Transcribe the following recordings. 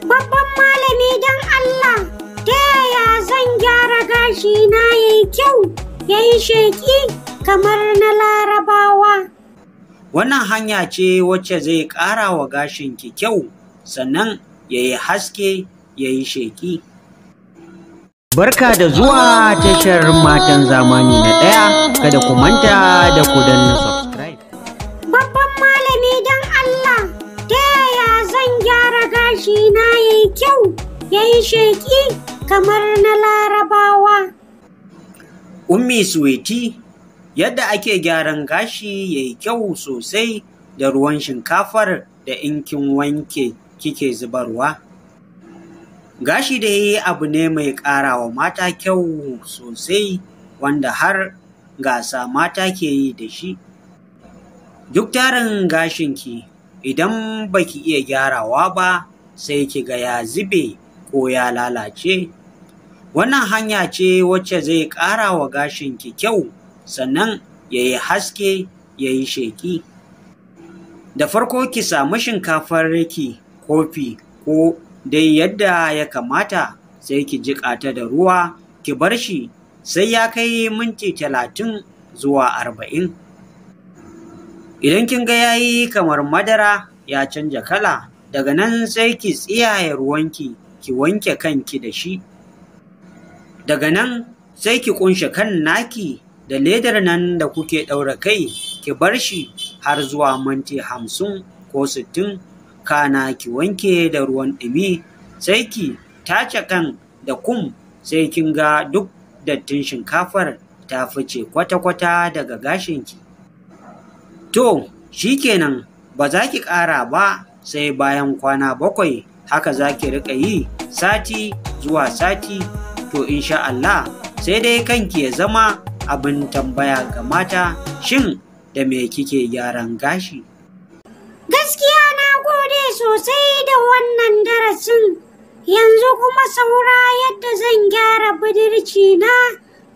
Babban malami don Allah, ta yaya zan gyara gashina ya yi kyau, ya yi sheƙi kamar na larabawa. Wannan hanya ce wacce zai ƙara wa gashin ki kyau, sannan ya yi haske, ya yi sheƙi. Barka da zuwa tashar matan zamani na ɗaya, kada ku manta da ku danna subscribe. Babban malami don Allah, ta yaya zan gyara gashina kyau ya yi sheƙi kamar na larabawa. Ummi Suweti yadda ake gyaran gashi ya yi kyau sosai da ruwan shinkafar da inkin wanke kike zubarwa. Gashi da yi abu ne mai ƙarawa mata kyau sosai wanda har gasa mata ke yi da shi. Duk tarin gashinki idan baki iya gyarawa ba sai ki ga ya zube ko ya lalace wannan hanya ce wacce zai ƙara wa gashinki kyau sannan ya yi haske ya yi sheƙi da farko ki samu shinkafar riki kofi ko dai yadda ya kamata sai ki jiƙa ta da ruwa ki bar shi sai ya kai minti talatin zuwa arba'in idan kin ga yayi kamar madara ya canja kala daga nan sai ki tsiyaye ruwanki ki wanke kanki da shi daga nan sai ki kunshe kan naki da ledar nan da kuke ɗaura kai ki bar shi har zuwa minti hamsin ko sittin kana ki wanke da ruwan ɗumi sai ki tace kan da kum sai kin ga duk dattin shinkafar ta fice kwata-kwata daga gashinki to shikenan ba za ki ƙara ba sai bayan kwana bakwai haka za ki riƙa yi sati zuwa sati to in sha Allah sai dai kanki ya zama abin tambaya ga mata shin da me kike gyaran gashi. Gaskiya na gode sosai da wannan darasin yanzu kuma saura yadda zan gyara budurci na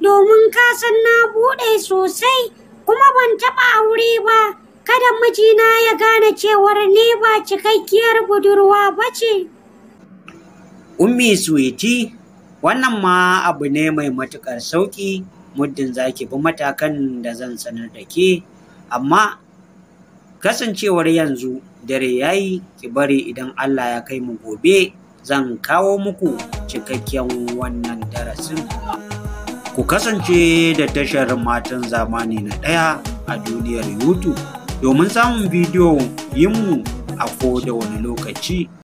domin kasan na buɗe sosai kuma ban taɓa aure ba. kada mijina ya gane cewar ni ba cikakkiyar budurwa ba ce. Ummi suwiti, wannan ma abu ne mai matukar sauƙi muddin za ki bi matakan da zan sanar da ke, amma kasancewar yanzu dare ya yi ki bari idan Allah ya kai mu gobe zan kawo muku cikakken wannan darasin. Ku kasance da tashar matan zamani na ɗaya a duniyar YouTube. domin samun bidiyo bidiyon mu a da wani lokaci.